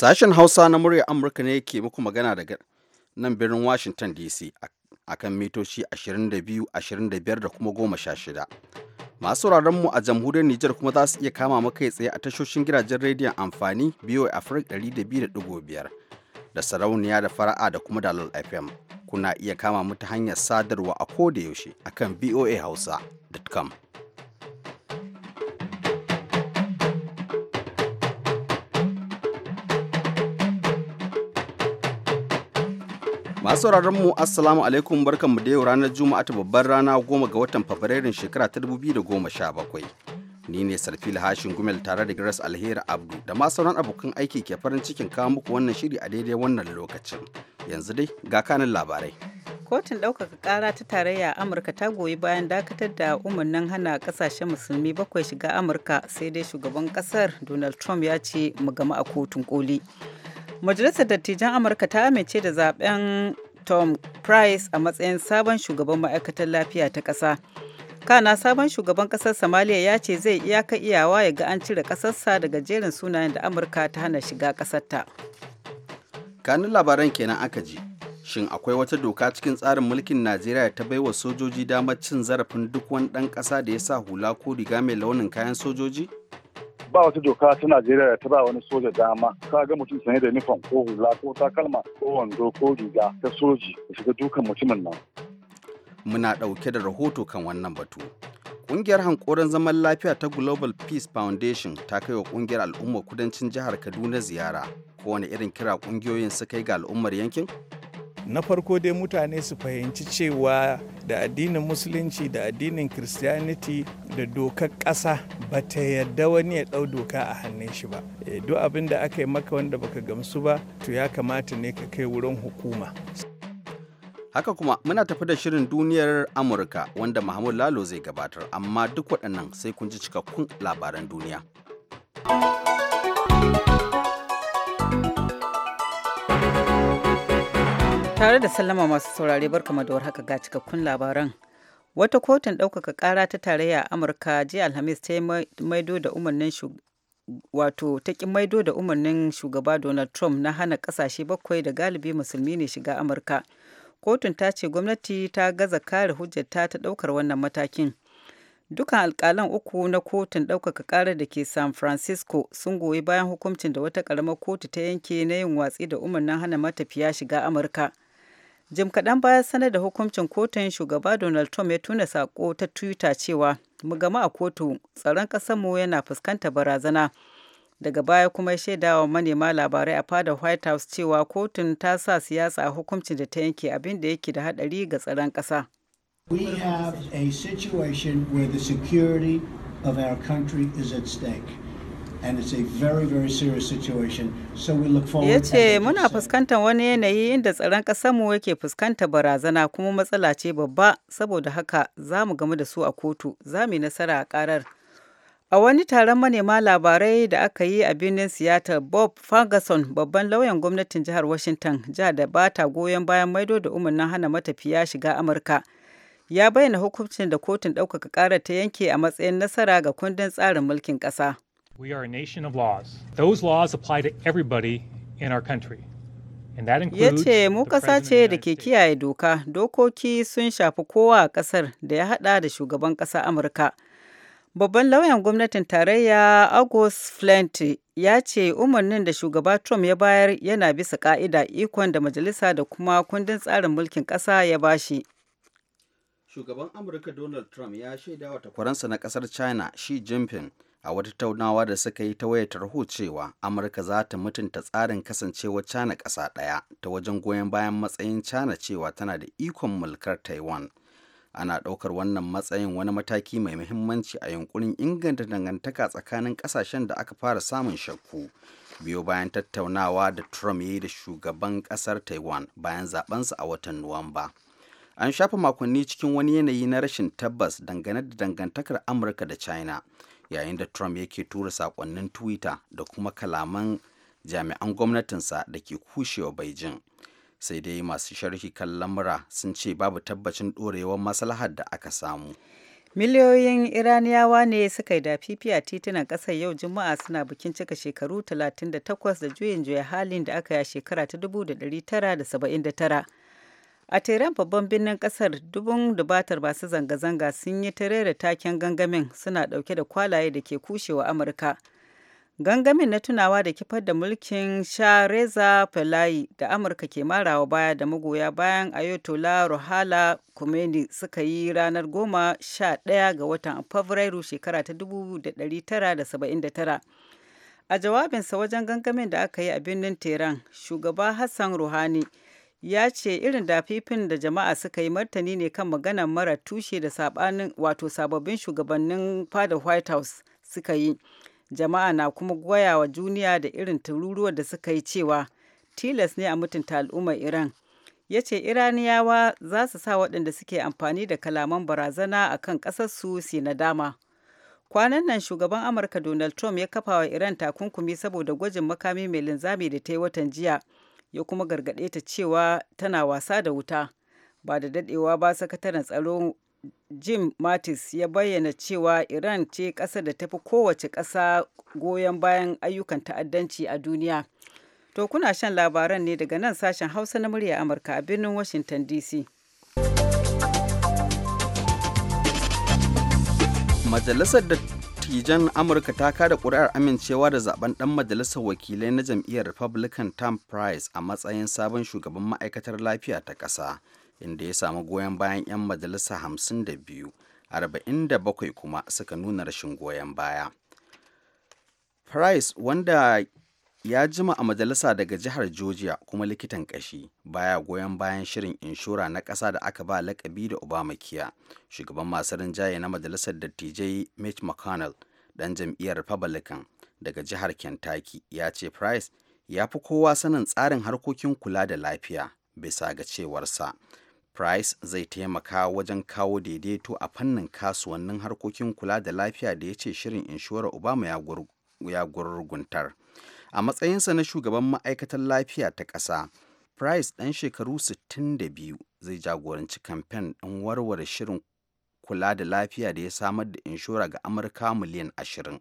Sashen Hausa na murya Amurka ne ke muku magana daga nan birnin Washington DC a kan mitoci 22, 25 da kuma 16. Masu mu a jamhuriyar Nijar kuma za su iya kama makai tsaye a tashoshin gidajen rediyon amfani a Africa 200.5 da sarauniya da fara'a da kuma dalol FM. Kuna iya kama mu ta hanyar sadarwa a koda yaushe akan boahausa.com. Masu sauraron mu Assalamu alaikum barkanmu da yau ranar Juma'a ta babbar rana goma ga watan Fabrairun shekara ta dubu biyu da goma sha bakwai Ni ne Sarfil Hashin Gumel tare da Grace Alheri Abdu da ma sauran abokan aiki ke farin cikin kawo muku wannan shiri a daidai wannan lokacin. Yanzu dai ga kanin labarai. Kotun ɗaukaka ƙara ta tarayya Amurka ta goyi bayan dakatar da umarnin hana ƙasashen musulmi bakwai shiga Amurka sai dai shugaban ƙasar Donald Trump ya ce mu gama a kotun koli. Majalisar Dattijan Amurka ta amince da zaben Tom Price a matsayin sabon shugaban ma'aikatar lafiya ta ƙasa. Kana sabon shugaban ƙasar Somalia ya ce zai iyaka iyawa ya ga an cire ƙasarsa daga jerin sunayen da Amurka ta hana shiga ƙasarta. Kanin labaran kenan aka ji. Shin akwai wata doka cikin tsarin mulkin Najeriya ta bai wa sojoji damar cin zarafin duk wani ɗan ƙasa da ya sa hula ko riga mai launin kayan sojoji? ba wata doka ta Najeriya da ta ba wani soja dama ka ga mutum sanye da nufan ko hula ko takalma ko wando ko riga ta soji da shiga dukan mutumin nan. Muna dauke da rahoto kan wannan batu. Ƙungiyar hankoron zaman lafiya ta Global Peace Foundation ta kai wa ƙungiyar al'ummar kudancin jihar Kaduna ziyara. Kowane irin kira ƙungiyoyin suka yi ga al'ummar yankin? na farko dai mutane su fahimci cewa da addinin musulunci da addinin christianity da dokar ƙasa ba ta yarda wani ya ɗau doka a hannun shi ba eh, duk abin da aka yi maka wanda baka gamsu ba to ya kamata ne ka kai wurin hukuma haka kuma muna tafi da shirin duniyar amurka wanda mahmud lalo zai gabatar amma duk waɗannan sai kun ji cikakkun labaran duniya. Tare da sallama masu saurare barkama da haka ga cikakkun labaran. Wata kotun ɗaukaka ƙara ta tarayya a Amurka jiya Alhamis ta maido da umarnin wato ta maido da umarnin shugaba Donald Trump na hana kasashe bakwai da galibi musulmi ne shiga Amurka. Kotun ta ce gwamnati ta gaza kare hujjata ta ɗaukar wannan matakin. Dukan alkalan uku na kotun ɗaukaka ƙarar da ke San Francisco sun goyi bayan hukuncin da wata ƙaramar kotu ta yanke na yin watsi da umarnin hana matafiya shiga Amurka. jim kaɗan bayan sanar da hukuncin kotun shugaba donald trump ya tuna sako ta twitter cewa mu gama a kotu tsaron ƙasarmu yana fuskanta barazana daga baya kuma ya shaida wa manema labarai a fadar white house cewa kotun ta sa siyasa a hukuncin da ta yanke abin da yake da haɗari ga tsaron ƙasa We have a situation where the security of our country is at stake. Ya ce muna fuskantar wani yanayi inda tsaron kasanmu yake fuskanta barazana kuma matsala ce babba saboda haka za mu gamu da su a kotu za mu yi nasara a karar. A wani taron manema labarai da aka yi a birnin Seattle, Bob Ferguson, babban lauyan gwamnatin jihar Washington, jihar da ba ta goyon bayan maido da umarnin hana matafiya shiga Amurka. Ya bayyana hukuncin da kotun ɗaukaka ƙarar ta yanke a matsayin nasara ga kundin tsarin mulkin ƙasa. We are a nation of laws. Those laws apply to everybody in our country. Ya ce, Mu ƙasa ce da ke kiyaye doka, dokoki sun shafi kowa a ƙasar da ya haɗa da shugaban ƙasa Amurka. Babban lauyan gwamnatin tarayya August Flint ya ce umarnin da shugaba Trump ya bayar yana bisa ka'ida ikon da majalisa da kuma kundin tsarin mulkin ƙasa ya bashi. Shugaban Amurka Donald Trump ya shaida wa takwaransa na ƙasar China Xi Jinping a wata taunawa da suka yi ta wayar tarho cewa amurka za ta mutunta tsarin kasancewar cana ƙasa ɗaya ta wajen goyon bayan matsayin cana cewa tana da ikon mulkar taiwan ana ɗaukar wannan matsayin wani mataki mai muhimmanci a yunkurin inganta dangantaka tsakanin ƙasashen da aka fara samun shakku biyo bayan tattaunawa da trump ya yi da shugaban ƙasar taiwan bayan zabensa a watan nuwamba an shafa makonni cikin wani yanayi na rashin tabbas dangane da dangantakar amurka da china yayin da trump yake tura sakonnin twitter da kuma kalaman jami'an gwamnatinsa da ke kushewa beijing sai dai masu sharhi kan lamura sun ce babu tabbacin ɗorewar maslahar da aka samu miliyoyin iraniyawa ne suka yi dafifi a titunan ƙasar yau juma'a suna bikin cika shekaru 38 da juyin juya halin da aka yi a shekara ta 1979 a teran babban birnin kasar dubun dubatar masu zanga-zanga sun yi tare da taken gangamin suna dauke da kwalaye da ke kushewa amurka gangamin na tunawa da kifar da mulkin sha reza da amurka ke marawa baya da magoya bayan ayatollah Rohala kumeni suka yi ranar goma sha ɗaya ga watan fabrairu shekara ta da saba'in tara. a jawabinsa wajen gangamin da aka yi a birnin teran shugaba hassan ruhani ya ce irin dafifin da jama'a suka yi martani ne kan magana mara tushe da sabanin wato sababbin shugabannin fada white house suka yi jama'a na kuma goya wa juniya da irin tururuwar da suka yi cewa tilas ne a mutunta al'ummar iran ya ce iraniyawa za su sa waɗanda suke amfani da kalaman barazana a kan ƙasarsu su na dama kwanan nan shugaban amurka donald trump ya kafa wa iran takunkumi saboda gwajin makami mai linzami da ta yi watan jiya ya kuma gargaɗe ta cewa tana wasa da wuta ba da daɗewa ba sakataren tsaro jim mattis ya bayyana cewa iran ce ƙasa da tafi kowace ƙasa goyon bayan ayyukan ta'addanci a duniya to kuna shan labaran ne daga nan sashen hausa na murya amurka a birnin washington dc majalisar dattijan amurka ta kada kuri'ar amincewa da zaben dan majalisar wakilai na jam'iyyar republican tom price a matsayin sabon shugaban ma'aikatar lafiya ta ƙasa inda ya samu goyon bayan 'yan majalisa 52 47 kuma suka nuna rashin goyon baya price wanda ya jima a majalisa daga jihar Georgia kuma likitan ƙashi baya goyon bayan shirin inshora na ƙasa da aka ba lakabi da Obamacare. Shugaban masu rinjaye na majalisar dattijai Mitch McConnell dan jam'iyyar Republican daga jihar Kentucky ya ce Price ya fi kowa sanin tsarin harkokin kula da lafiya bisa ga cewarsa. Price zai taimaka wajen kawo daidaito a fannin kasuwannin harkokin kula da lafiya da ya ce shirin inshorar Obama ya gurguntar. a matsayinsa na shugaban ma'aikatar lafiya ta ƙasa price ɗan shekaru 62 zai jagoranci kamfen ɗin warware shirin kula da lafiya da ya samar da inshora ga amurka miliyan 20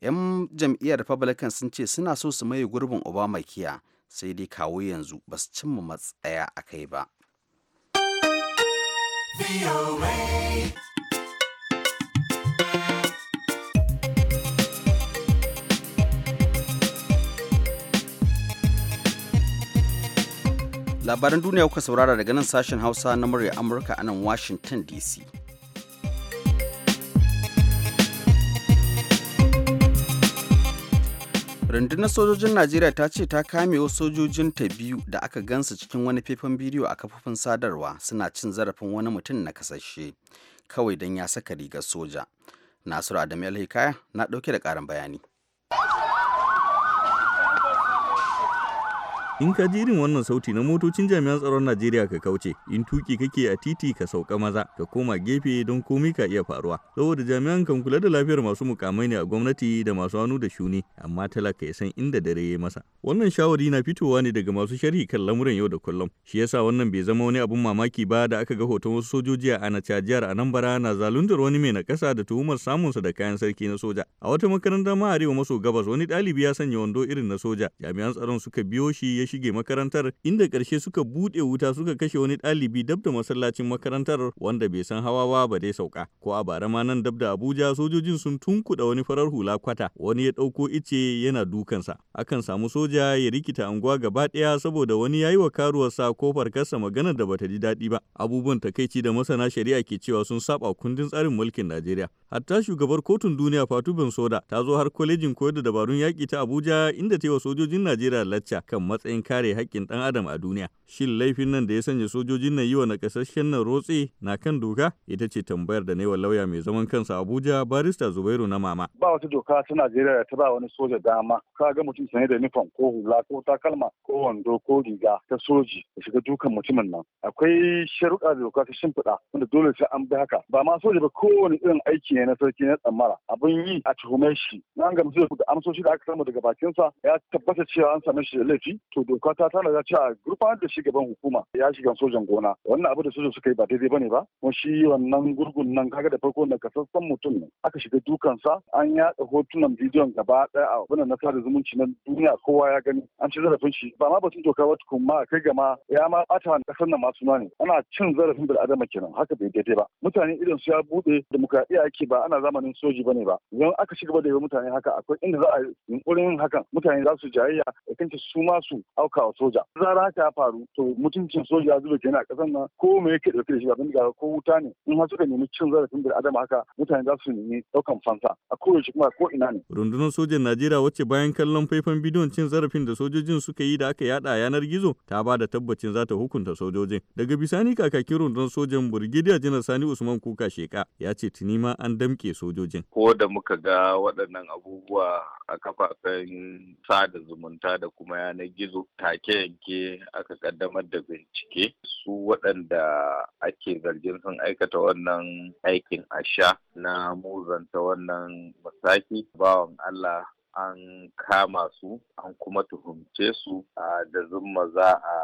'yan jam'iyyar republican sun ce suna so su maye gurbin obamacare sai dai kawo yanzu ba su cimma matsaya a kai ba. labaran duniya kuka saurara daga nan sashen hausa na murya amurka a nan washington dc rundunar sojojin najeriya ta ce ta kame wasu sojojin biyu da aka gansa cikin wani faifan bidiyo a kafofin sadarwa suna cin zarafin wani mutum na kasashe kawai don ya saka rigar soja nasiru adamu alhikaya na ɗauke da ƙarin bayani in ka ji irin wannan sauti na motocin jami'an tsaron najeriya ka kauce in tuki kake a titi ka sauka maza ka koma gefe don komai ka iya faruwa saboda jami'an kan kula da lafiyar masu mukamai ne a gwamnati da masu hannu da shuni amma talaka ya san inda dare ya masa wannan shawari na fitowa ne daga masu sharhi kan lamuran yau da kullum shi yasa wannan bai zama wani abun mamaki ba da aka ga hoton wasu sojoji a anacha jihar anambra na zalundar wani mai na kasa da tuhumar samunsa da kayan sarki na soja a wata makarantar ma arewa maso gabas wani ɗalibi ya sanya wando irin na soja jami'an tsaron suka biyo shi ya shige makarantar inda karshe suka buɗe wuta suka kashe wani ɗalibi dab da masallacin makarantar wanda bai san hawa ba ba dai sauka ko a bara ma nan dab da Abuja sojojin sun tunkuɗa wani farar hula kwata wani ya ɗauko ice yana dukansa akan samu soja ya rikita anguwa gaba ɗaya saboda wani ya yi wa karuwarsa ko farkarsa maganar da bata ji daɗi ba abubuwan takaici da masana shari'a ke cewa sun saba kundin tsarin mulkin Najeriya hatta shugabar kotun duniya Fatu soda ta zo har kwalejin koyar da dabarun yaƙi ta Abuja inda ta yi wa sojojin Najeriya lacca kan matsayin kare haƙƙin ɗan adam a duniya. Shin laifin nan da ya sanya sojojin na yi wa naƙasashen nan rotse na kan doka? Ita ce tambayar da wa lauya mai zaman kansa Abuja barista Zubairu na mama. Ba wata doka ta Najeriya da ta ba wani soja dama. Ka ga mutum sanye da nufan ko hula ko takalma ko wando ko riga ta soji da shiga dukan mutumin nan. Akwai sharuɗa da doka ta shimfiɗa wanda dole sai an bi haka. Ba ma soja ba kowane irin aiki ne na sarki na tsammara. Abin yi a tuhume shi. Na an gamsu da amsoshi da aka samu daga bakinsa ya tabbata cewa an same shi da laifi to doka ta tana da cewa gurfanar da shi gaban hukuma ya shiga sojan gona wannan abu da su suka yi ba daidai bane ba kuma shi wannan gurgun nan kaga da farko na kasassan mutum ne aka shiga dukan sa. an yaɗa hotunan bidiyon gaba ɗaya a wannan na sada zumunci na duniya kowa ya gani an ci zarafin shi ba ma batun doka ba tukun ma kai gama ya ma bata kasar nan masu suna ne ana cin zarafin bil adama kenan haka bai daidai ba mutane idan su ya buɗe demokradiyya ake ba ana zamanin soji bane ba idan aka shiga da yawa mutane haka akwai inda za a yunkurin hakan mutane za su jayayya ya kanta su ma su aukawa soja zara haka ya faru to mutuncin soja ya zuba kenan a kasan nan ko me yake ɗauke da shi ba ko wuta ne in har suka nemi cin zarafin bil adama haka mutane za su nemi ɗaukan fansa a kowace kuma ko ina ne. rundunar sojan najeriya wacce bayan kallon faifan bidiyon cin zarafin da sojojin suka yi da aka yada yanar gizo ta ba da tabbacin za ta hukunta sojojin daga bisani kakakin rundunar sojan burgidiya janar sani usman kuka sheka ya ce tuni ma an damke sojojin. ko da muka ga waɗannan abubuwa a kafafen sada zumunta da kuma yanar gizo take yanke aka kaddamar da bincike su waɗanda ake zargin sun aikata wannan aikin asha na muzanta wannan masaki bawan Allah an kama su an kuma tuhumce su a da zumma za a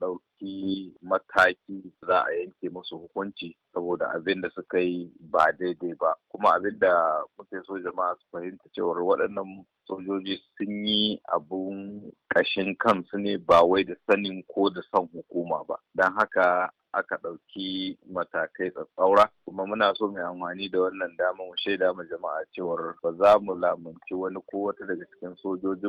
ɗauki mataki za a yanke musu hukunci saboda abin da suka yi ba daidai ba kuma abin da muke so jama'a su fahimta cewar waɗannan sojoji sun yi abun ƙashin kansu ne ba wai da sanin ko da son hukuma ba don haka aka ɗauki matakai tsatsaura kuma muna so mai amfani da wannan dama mu shaida ma jama'a cewar ba za mu lamunci wani ko wata daga cikin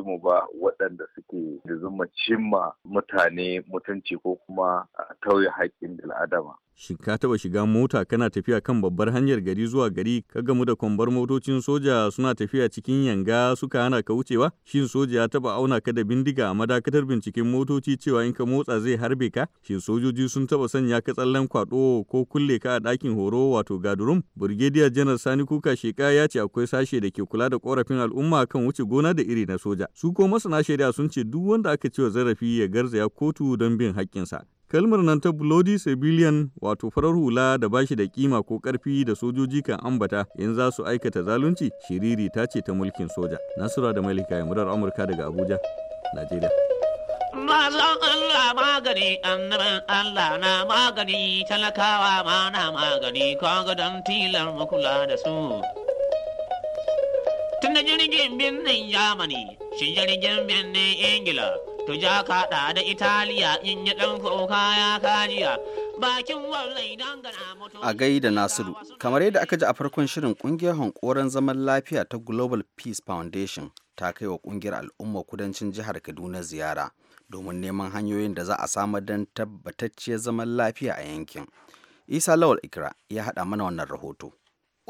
mu ba waɗanda suke da zuma cimma mutane mutunci ko kuma tauye haƙƙin bil'adama Shin ka taba shiga mota kana tafiya kan babbar hanyar gari zuwa gari ka gamu da kwambar motocin soja suna tafiya cikin yanga suka hana ka wucewa? Shin soja ya taba auna ka da bindiga a madakatar binciken motoci cewa in ka motsa zai harbe ka? Shin sojoji sun taba sanya ka tsallen kwaɗo ko kulle ka a ɗakin horo wato gadurum? Brigadier Janar Sani Kuka Sheka ya ce akwai sashe da ke kula da korafin al'umma kan wuce gona da iri na soja. Su ko masana shari'a sun ce duk wanda aka wa zarafi ya garzaya kotu don bin haƙƙinsa. Kalmar nan ta Bloody Civilian wato farar hula da bashi da kima ko karfi da sojoji kan ambata in za su aikata zalunci shiriri ta ce ta mulkin soja. Nasura da Malika murar Amurka daga Abuja, Najeriya. Mazan Allah magani, annaban Allah na magani, talakawa ma na magani, kwa don tilar makula da su. Tun jirgin birnin Yamani, shi jirgin birnin Ingila, tuja kaɗa da italiya in yi ɗan kuka ya bakin wallai gana mutum a gai da nasiru kamar yadda aka ji a farkon shirin kungiyar hankoran zaman lafiya ta global peace foundation ta kai wa kungiyar al'umma kudancin jihar kaduna ziyara domin neman hanyoyin da za a samar don tabbatacciyar zaman lafiya a yankin isa lawal ikra ya haɗa mana wannan rahoto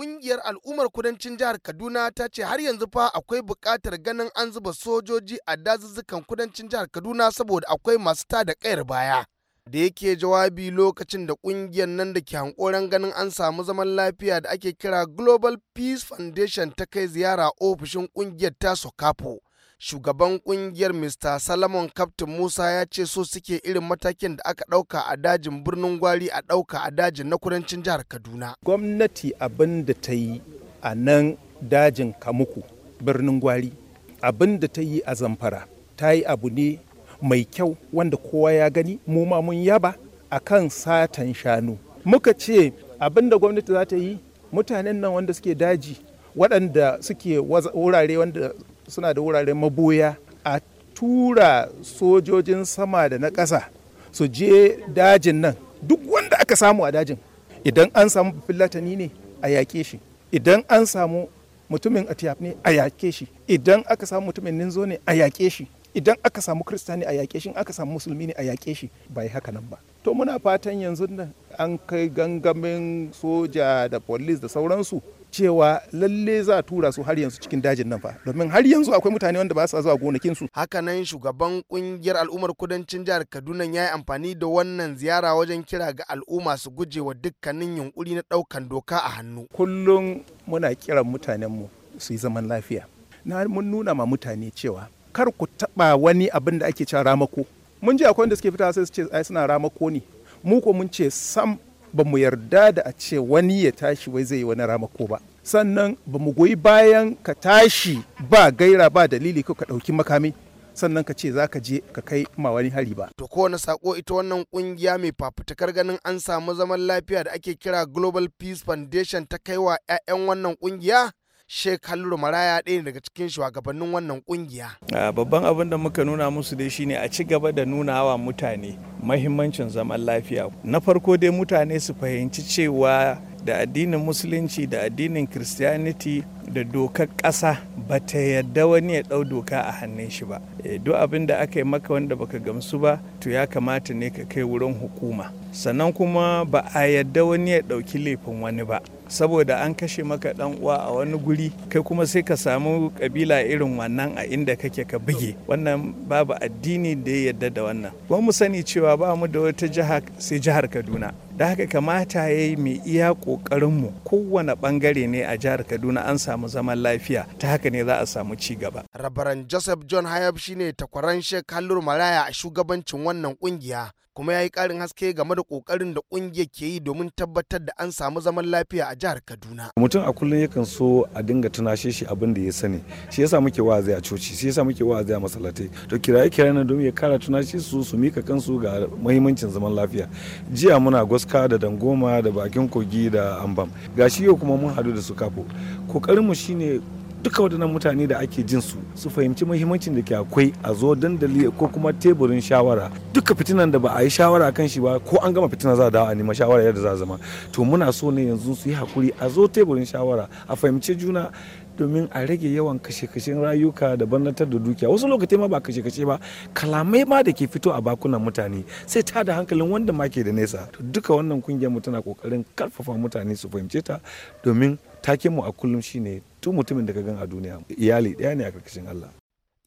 kungiyar al'ummar kudancin jihar Kaduna ta ce har yanzu fa akwai buƙatar ganin an zuba sojoji a dazuzzukan kudancin jihar Kaduna saboda akwai masu ta da kayar baya. Da yake jawabi lokacin da kungiyar nan da ke hankoran ganin an samu zaman lafiya da ake kira Global Peace Foundation ta kai ziyara ofishin kungiyar ta Sokapo. shugaban kungiyar mr salomon captain musa ya ce so suke irin matakin da aka dauka a dajin birnin gwari a dauka a dajin na kudancin jihar kaduna gwamnati abin da ta yi a nan dajin kamuku birnin gwari abin da ta yi a zamfara ta yi abu ne mai kyau wanda kowa ya gani mu ma mun yaba a kan satan shanu muka ce abin da gwamnati za ta yi mutanen nan wanda suke daji waɗanda suke wurare wanda suna da wuraren maboya a tura sojojin sama da na ƙasa su je dajin nan duk wanda aka samu a dajin idan an samu filatani ne a yaƙe shi idan an samu mutumin atiyaf ne a yaƙe shi idan aka samu mutumin ninzo ne a yaƙe shi idan aka samu krista ne a yaƙe shi aka samu musulmi ne a yaƙe shi bai haka nan ba to muna fatan yanzu nan an kai gangamin soja da polis da sauransu cewa lalle za a tura su har yanzu cikin dajin nan fa domin har yanzu akwai mutane wanda ba sa zuwa gonakin su haka nan shugaban kungiyar al'ummar kudancin jihar Kaduna ya yi amfani da wannan ziyara wajen kira ga al'umma su gujewa dukkanin yunkuri na daukan doka a hannu kullum muna kiran mutanen mu su yi zaman lafiya na mun nuna ma mutane cewa kar ku taba wani abin da ake cewa ramako mun ji akwai wanda suke fita sai su ce ai suna ramako ne mu ko mun ce sam ba mu yarda da a ce wani ya tashi wai zai yi wani ramako ba sannan ba mu goyi bayan ka tashi ba gaira ba dalili ko ka ɗauki makami sannan ka ce za ka je ka kai ma wani hari ba. To kowane sako ita wannan kungiya mai fafutukar ganin an samu zaman lafiya da ake kira Global Peace Foundation ta kai wa 'ya'yan wannan kungiya? Shekaru Maraya ɗaya daga cikin shugabannin wannan kungiya. Ah, babban abin da muka nuna musu dai shine a ci gaba da nuna wa mutane mahimmancin zaman lafiya. Na farko dai mutane su fahimci cewa da addinin musulunci da addinin christianity da dokar ƙasa ba ta yadda wani ya ɗau doka a hannun shi ba eh, duk abin da aka yi maka wanda baka gamsu ba to ya kamata ne ka kai wurin hukuma sannan kuma ba a yadda wani ya ɗauki laifin wani ba saboda an kashe maka dan uwa a wani guri kai kuma sai ka samu kabila irin wannan a inda kake ka buge wannan babu addini da ya yadda da wannan ba mu sani cewa ba mu da wata jihar, sai jihar kaduna da haka kamata ya yi mai iya mu kowane ɓangare ne a jihar kaduna an samu zaman lafiya ta haka ne za a samu ci gaba rabaran joseph john hayab shine takwaran shek hallur maraya a shugabancin wannan kungiya kuma ya yi ƙarin haske game da ƙoƙarin da ƙungiyar ke yi domin tabbatar da an samu zaman lafiya a jihar Kaduna. Mutum a kullum yakan so a dinga tunashe shi abin da ya sani shi yasa muke wa'azi a coci shi yasa muke wa'azi a masallatai to kiraye kiraye na domin ya kara tunashe su su mika kansu ga mahimmancin zaman lafiya jiya muna goska da dangoma da bakin kogi da ambam gashi yau kuma mun hadu da su kafo kokarin mu shine duka waɗannan mutane da ake jin su su fahimci muhimmancin da ke akwai a zo dandali ko kuma teburin shawara duka fitinan da ba a yi shawara kan shi ba ko an gama fitina za a dawo a nema shawara yadda za a zama to muna so ne yanzu su yi hakuri a zo teburin shawara a fahimci juna domin a rage yawan kashe-kashen rayuka da barnatar da dukiya wasu lokacin ma ba kashe-kashe ba kalamai ma da ke fito a bakunan mutane sai ta da hankalin wanda ma ke da nesa to duka wannan kungiyar mu tana kokarin karfafa mutane su fahimce ta domin taken mu a kullum shine Tun mutumin da ka gan a duniya iyali ɗaya ne a karkashin Allah.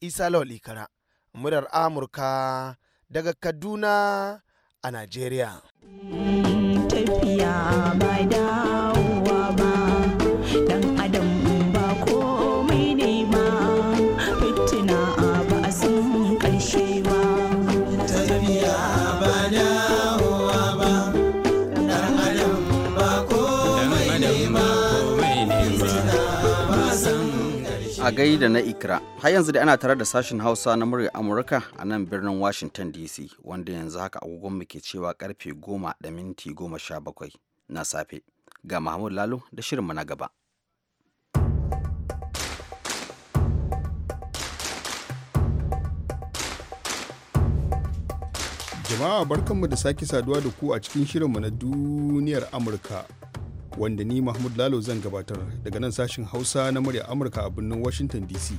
Isa Lawal Ikara, murar Amurka daga Kaduna a Najeriya. Tafiya da na ikra har yanzu da ana tare da sashen hausa na murya amurka a nan birnin washington dc wanda yanzu haka agogon mu ke cewa karfe 10:17 na safe ga mahmud lalo da shirinmu na gaba jama'a barkanmu da sake saduwa da ku a cikin shirinmu na duniyar amurka wanda ni Mahmud Lalo zan gabatar daga nan sashin Hausa na murya Amurka a birnin Washington DC.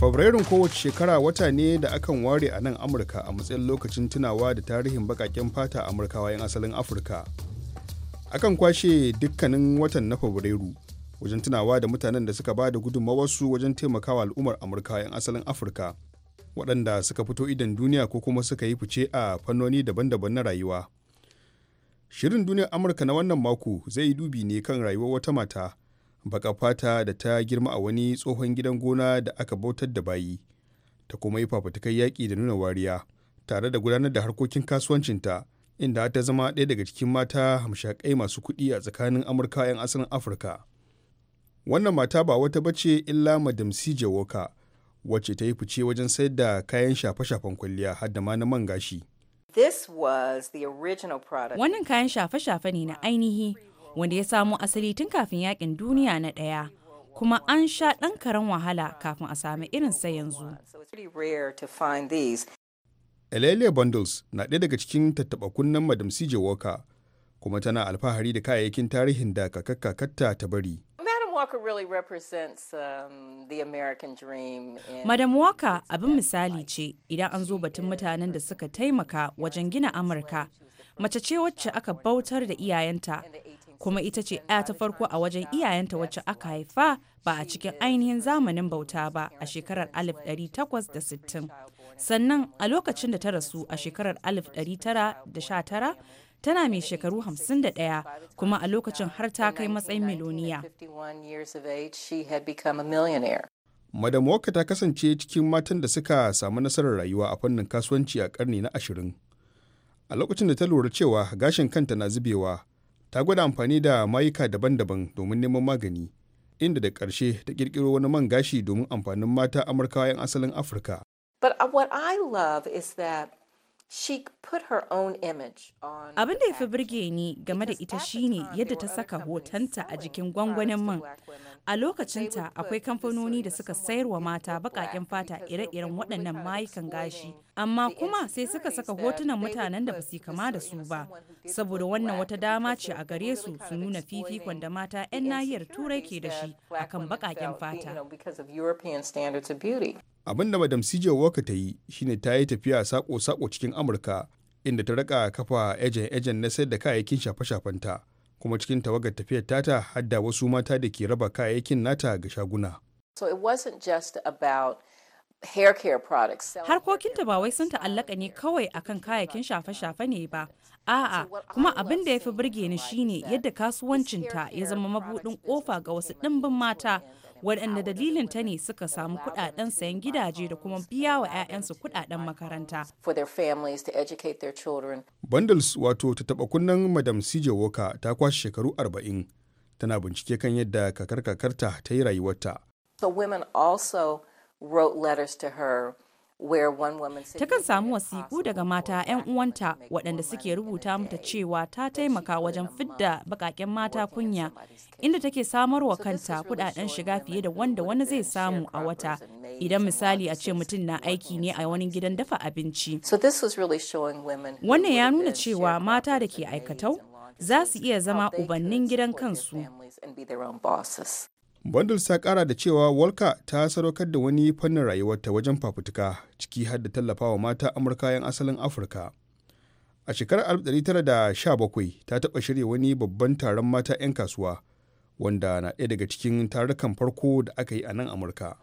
Fabrairun kowace shekara wata ne da akan ware a nan Amurka a matsayin lokacin tunawa da tarihin bakaken fata Amurkawa 'yan asalin Afirka. Akan kwashe dukkanin watan na Fabrairu wajen tunawa da mutanen da suka ba da gudunmawarsu wajen taimakawa al'ummar Amurka 'yan asalin Afirka. waɗanda suka fito idan duniya ko kuma suka yi fice a fannoni daban-daban na rayuwa shirin duniyar amurka na wannan mako zai yi dubi ne kan rayuwar wata mata baka fata da ta girma a wani tsohon gidan gona da aka bautar da bayi ta kuma yi fafutukar yaƙi da nuna wariya tare da gudanar da harkokin kasuwancinta inda ta zama ɗaya daga cikin mata hamshakai masu kuɗi a tsakanin amurka 'yan asalin afirka wannan mata ba wata bace illa madam sijewoka wacce ta yi fice wajen sayar da kayan shafe-shafen kwalliya har da ma na man gashi. Wannan kayan shafe-shafe ne na ainihi wanda ya samo asali tun kafin yakin duniya na ɗaya kuma an sha ɗan karen wahala kafin a sami irin sai yanzu. Elele Bundles na ɗaya daga cikin tattaɓa kunnen Madam CJ Walker kuma tana alfahari da kayayyakin tarihin da kakakkakarta ta bari. Walker represents um, the American dream. Madam Walker abin misali ce idan an zo batun mutanen da suka taimaka wajen gina Amurka. Mace ce wacce aka bautar da iyayenta kuma ita ce 'ya ta farko a wajen iyayenta wacce aka haifa ba a cikin ainihin zamanin bauta ba a shekarar 1860. Sannan a lokacin da ta rasu a shekarar 1919 tana mai shekaru 51 kuma a lokacin har ta kai matsayin miloniya. Madam Walker ta kasance cikin matan da suka samu nasarar rayuwa a fannin kasuwanci a karni na ashirin. A lokacin da ta lura cewa gashin kanta na zubewa, ta gwada amfani da mayuka daban-daban domin neman magani, inda da ƙarshe ta ƙirƙiro wani man gashi domin amfanin mata Amurkawa 'yan asalin Afirka. But uh, what I love is Abin da ya fi birge ni game da ita shine yadda ta saka hotonta a jikin gwangwanin man. A lokacinta akwai kamfanoni da suka sayar wa mata baƙaƙen fata ire-iren waɗannan mayukan gashi amma kuma sai suka saka hotunan mutanen da basu su kama da su ba saboda wannan wata dama ce a gare su su nuna fifikon da mata 'yan nahiyar turai ke da shi akan bakaken fata abin da madam cj walker ta yi shine ta yi tafiya sako-sako cikin amurka inda ta raka kafa ejen-ejen na sayar da kayayyakin shafe-shafenta kuma cikin tawagar tafiyar tata hadda wasu mata da ke raba kayayyakin nata ga shaguna so it wasn't about Harkokinta ba wai sun um, ta'allaka ne kawai akan kayakin um, shafe-shafe ne ba. A'a, kuma abin da ya fi burge ni shine yadda kasuwancinta ya zama mabuɗin ƙofa ga wasu ɗimbin mata waɗanda dalilin ta ne suka samu kuɗaɗen sayan gidaje da kuma biya um, wa 'ya'yansu kuɗaɗen makaranta. Bundles wato ta taɓa kunnen Madam CJ Walker ta kwashe shekaru 40 tana bincike kan yadda kakar kakarta ta yi rayuwarta. So women also Takan samu wasiku daga mata 'yan uwanta waɗanda suke rubuta mata cewa ta taimaka wajen fidda baƙaƙen mata kunya, inda take samarwa kanta kuɗaɗen shiga fiye da wanda wani zai samu a wata, idan misali a ce mutum na aiki ne a wani gidan dafa abinci. Wannan ya nuna cewa mata da ke aikatau za su iya zama ubannin gidan kansu. Bundles ta kara da cewa walka ta sadaukar da wani fannin rayuwarta wajen fafutuka ciki har da tallafawa mata Amurka 'yan asalin Afirka. A shekarar 1917 ta taba shirya wani babban taron mata 'yan kasuwa wanda na ɗaya daga cikin tarukan farko da aka yi a nan Amurka.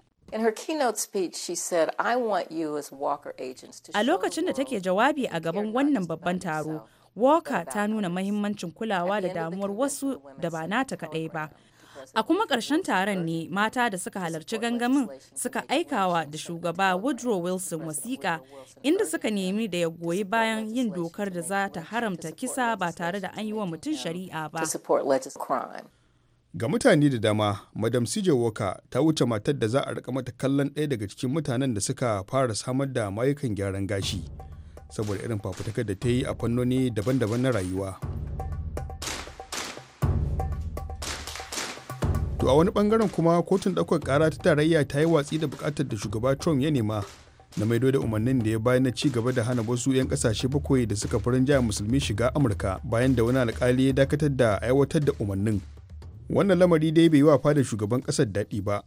A lokacin da take jawabi a gaban wannan babban taro, Walker ta nuna mahimmancin kulawa da damuwar wasu da ba nata kaɗai ba. A kuma ƙarshen taron ne mata da suka halarci gangamin suka aikawa da shugaba Woodrow Wilson wasiƙa inda suka nemi da ya goyi bayan yin dokar da za ta haramta kisa ba tare da an yi wa mutum shari'a ba. Ga mutane da dama, Madam CJ Walker ta wuce matar da za a rika mata kallon ɗaya daga cikin mutanen da suka fara samar da mayukan gyaran gashi. saboda irin fafutukar da ta yi a fannoni daban-daban na rayuwa to a wani bangaren kuma kotun ɗaukar ƙara ta tarayya ta yi watsi da buƙatar da shugaba trump ya nema na maido da umarnin da ya bayan na ci gaba da hana wasu 'yan ƙasashe bakwai da suka farin jaya musulmi shiga amurka bayan da wani alƙali ya dakatar da aiwatar da umarnin wannan lamari dai bai yi wa fadar shugaban kasar daɗi ba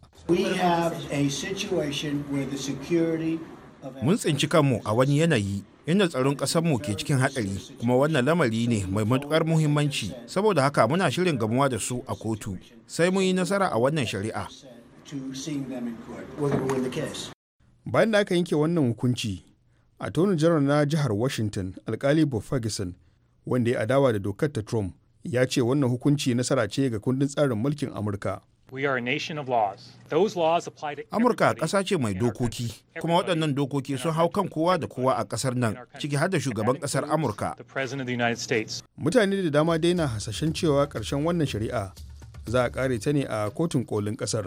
Mun tsinci kanmu a wani yanayi inda tsaron ƙasarmu ke cikin hatsari kuma wannan lamari ne mai matuƙar muhimmanci saboda haka muna shirin gamuwa da su a kotu sai mun yi nasara a wannan shari'a. Bayan da aka yanke wannan hukunci, a tonu jiran na jihar washington alkali bob ferguson wanda ya adawa da dokar ta trump ya ce wannan hukunci nasara ce ga kundin tsarin mulkin amurka Amurka ƙasa ce mai dokoki, kuma waɗannan dokoki sun hau kan kowa da kowa a ƙasar nan, ciki har da shugaban ƙasar Amurka. Mutane da dama dai na hasashen cewa ƙarshen wannan shari'a za a ƙare ta ne a kotun ƙolin ƙasar.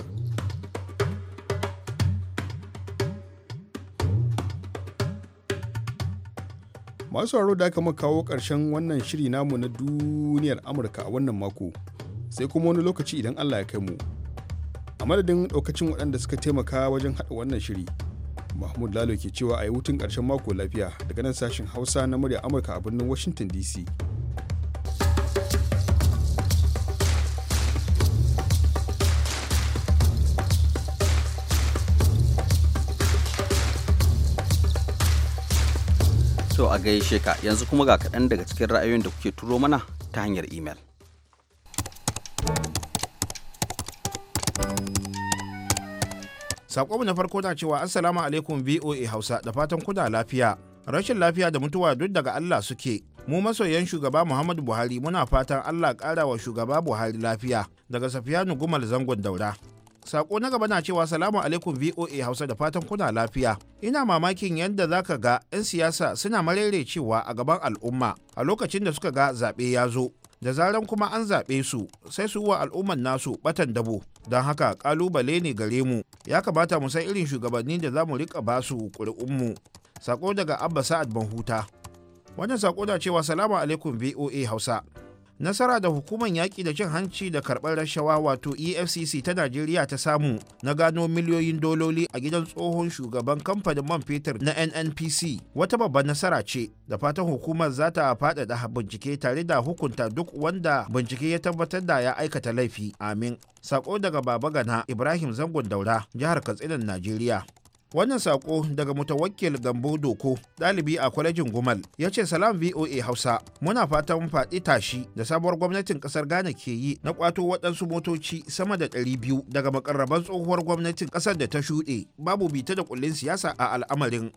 Masu haro da aka kawo ƙarshen wannan shiri namu na duniyar Amurka a wannan mako. sai kuma wani lokaci idan Allah ya kai mu. A madadin ɗaukacin waɗanda suka taimaka wajen haɗa wannan shiri, Mahmud Lalo ke cewa a yi hutun ƙarshen mako lafiya daga nan sashen Hausa na murya Amurka a birnin Washington DC. To a gaishe ka yanzu kuma ga kaɗan daga cikin ra'ayoyin da kuke turo mana ta hanyar imel. Sakonmu na farko na cewa Assalamu alaikum VOA Hausa da fatan kuna lafiya. Rashin lafiya da mutuwa duk daga Allah suke. Mu masoyan shugaba Muhammadu Buhari muna fatan Allah ƙara wa shugaba Buhari lafiya daga Safiyanu Gumal Zangon Daura. Sako na gaba na cewa salamu alaikum VOA Hausa da fatan kuna lafiya. Ina mamakin yadda za ka ga 'yan siyasa suna marere cewa a gaban al'umma a lokacin da suka ga zaɓe ya zo. da zaran kuma an zaɓe su sai su wa al'umman nasu batan dabo don haka ƙalubale ne gare mu ya kamata mu san irin shugabanni da za mu riƙa ba su ƙuri'unmu sako daga abba sa'ad banhuta wannan sako da cewa salamu alaikum voa hausa nasara da hukumar yaƙi da cin hanci da karɓar rashawa wato efcc ta najeriya ta samu na gano miliyoyin dololi a gidan tsohon shugaban kamfanin man fetur na nnpc wata babbar nasara ce da fatan hukumar za ta faɗaɗa bincike tare da hukunta duk wanda bincike ya tabbatar da ya aikata laifi amin sako daga baba gana ibrahim zangon daura jihar katsinan najeriya wannan sako daga mutawakkil gambo doko ɗalibi a kwalejin gumal ya ce salam voa hausa muna fatan faɗi tashi da sabuwar gwamnatin ƙasar ghana ke yi na ƙwato waɗansu motoci sama da ɗari biyu daga makarraban tsohuwar gwamnatin ƙasar da ta shuɗe babu bita da ƙullin siyasa a al'amarin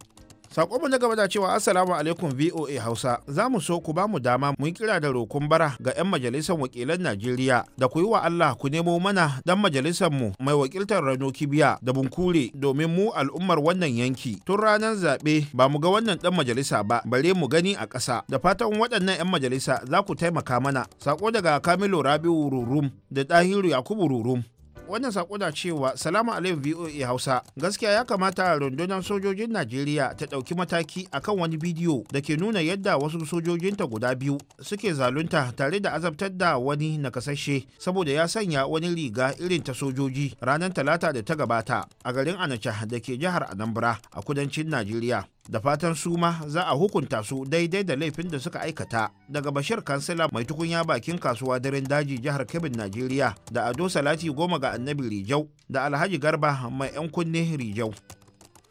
Sakonmu na gaba da cewa Assalamu alaikum VOA Hausa za mu so ku ba mu dama mu kira da rokon bara ga 'yan majalisar wakilan Najeriya da ku yi wa Allah ku nemo mana dan majalisar mai wakiltar Rano Kibiya da Bunkure domin mu al'ummar wannan yanki. Tun ranar zaɓe ba mu ga wannan dan majalisa ba bare mu gani a ƙasa. Da fatan waɗannan 'yan majalisa za ku taimaka mana. Sako daga Kamilu Rabi'u Rurum da Dahiru Yakubu Rurum. wannan sako na cewa salamu alaikum voa hausa gaskiya ya kamata rundunar sojojin najeriya ta ɗauki mataki akan wani bidiyo da ke nuna yadda wasu sojojinta guda biyu suke zalunta tare da azabtar da wani nakasashe saboda ya sanya wani riga irin ta sojoji ranar talata da ta gabata a garin anacha da ke jihar anambra a kudancin najeriya da fatan su ma za a hukunta su daidai da laifin da suka aikata daga bashir kansila mai tukunya bakin kasuwa daren daji jihar kebin najeriya da ado salati goma ga annabi rijau da alhaji garba mai 'yan kunne rijau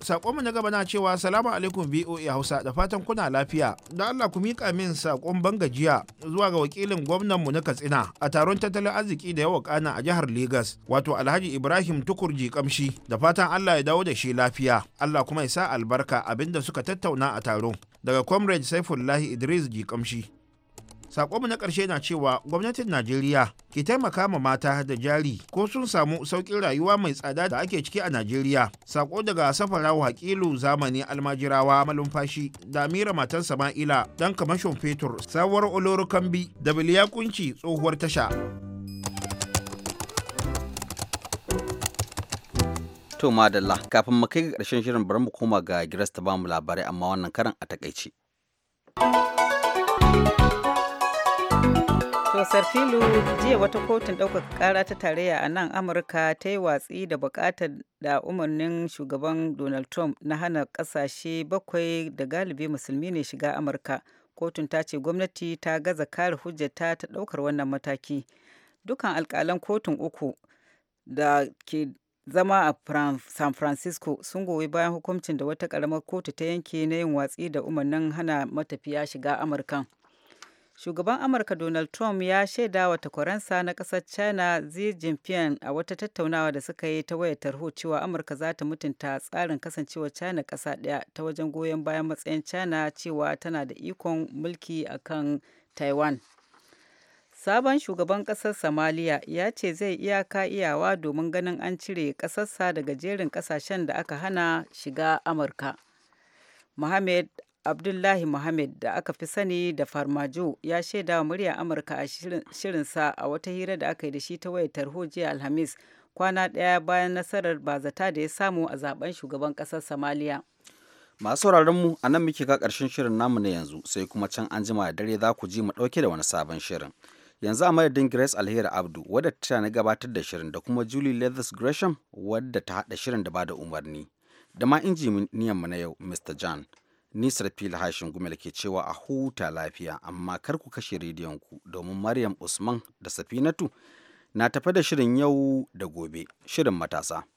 sakonmu na gaba na cewa salamu alaikum voa hausa da fatan kuna lafiya da allah ku miƙa min sakon bangajiya zuwa ga wakilin gwamnan mu na katsina a taron tattalin arziki da yawa kana a jihar Legas, wato alhaji ibrahim tukurji kamshi da fatan allah ya dawo da shi lafiya allah kuma ya sa albarka abinda suka tattauna a taron daga comrade saifullahi idris ji kamshi Sakonmu na karshe na cewa gwamnatin Najeriya ke taimaka ma mata da jari ko sun samu saukin rayuwa mai tsada da ake ciki a Najeriya. Sako daga safarawa hakilu zamani almajirawa malumfashi da Amira matan Sama'ila dan kamashin fetur sabuwar Oloru Kambi da Biliya Kunci tsohuwar tasha. To madalla kafin mu kai ga ƙarshen shirin bari mu koma ga Giras ta bamu labarai amma wannan karan a takaice. Tosar filu jiya wata kotun ɗaukaka ƙara ta tarayya a nan Amurka ta yi watsi da buƙatar da umarnin shugaban Donald Trump na hana ƙasashe bakwai da galibi musulmi ne shiga Amurka. Kotun ta ce gwamnati ta gaza kare hujjata ta ɗaukar wannan mataki. Dukan alƙalan kotun uku da ke zama a San Francisco sun goyi bayan hukuncin da wata ƙaramar kotu ta yanke na yin watsi da umarnin hana matafiya shiga amurka shugaban amurka donald trump ya shaida wa takwaransa na kasar china xi jinping a wata tattaunawa da suka yi ta wayar tarho cewa amurka za ta mutunta tsarin kasancewa china kasa daya ta wajen goyon bayan matsayin china cewa tana da ikon mulki a kan taiwan sabon shugaban kasar somalia ya ce zai iyaka iyawa domin ganin an cire kasarsa daga jerin kasashen da aka hana shiga amurka Mohamed Abdullahi Muhammad da aka fi sani da Farmajo ya shaida wa murya Amurka a shirinsa a wata hira da aka yi da shi ta wayar tarho jiya Alhamis kwana ɗaya bayan nasarar bazata da ya samu a zaben shugaban ƙasar Somalia. Masu mu a nan muke ga ƙarshen shirin namu na yanzu sai kuma can an jima da dare za ku ji mu ɗauke da wani sabon shirin. Yanzu a madadin Grace Alheri Abdu wadda ta na gabatar da shirin da kuma Julie Leathers Gresham wadda ta haɗa shirin da bada umarni. Da ma inji mu na yau Mr. John. Nisar fili hashin gumel ke cewa a huta lafiya amma kar ku kashe rediyon ku domin Maryam Usman da Safinatu na tafi da shirin yau da gobe, shirin matasa.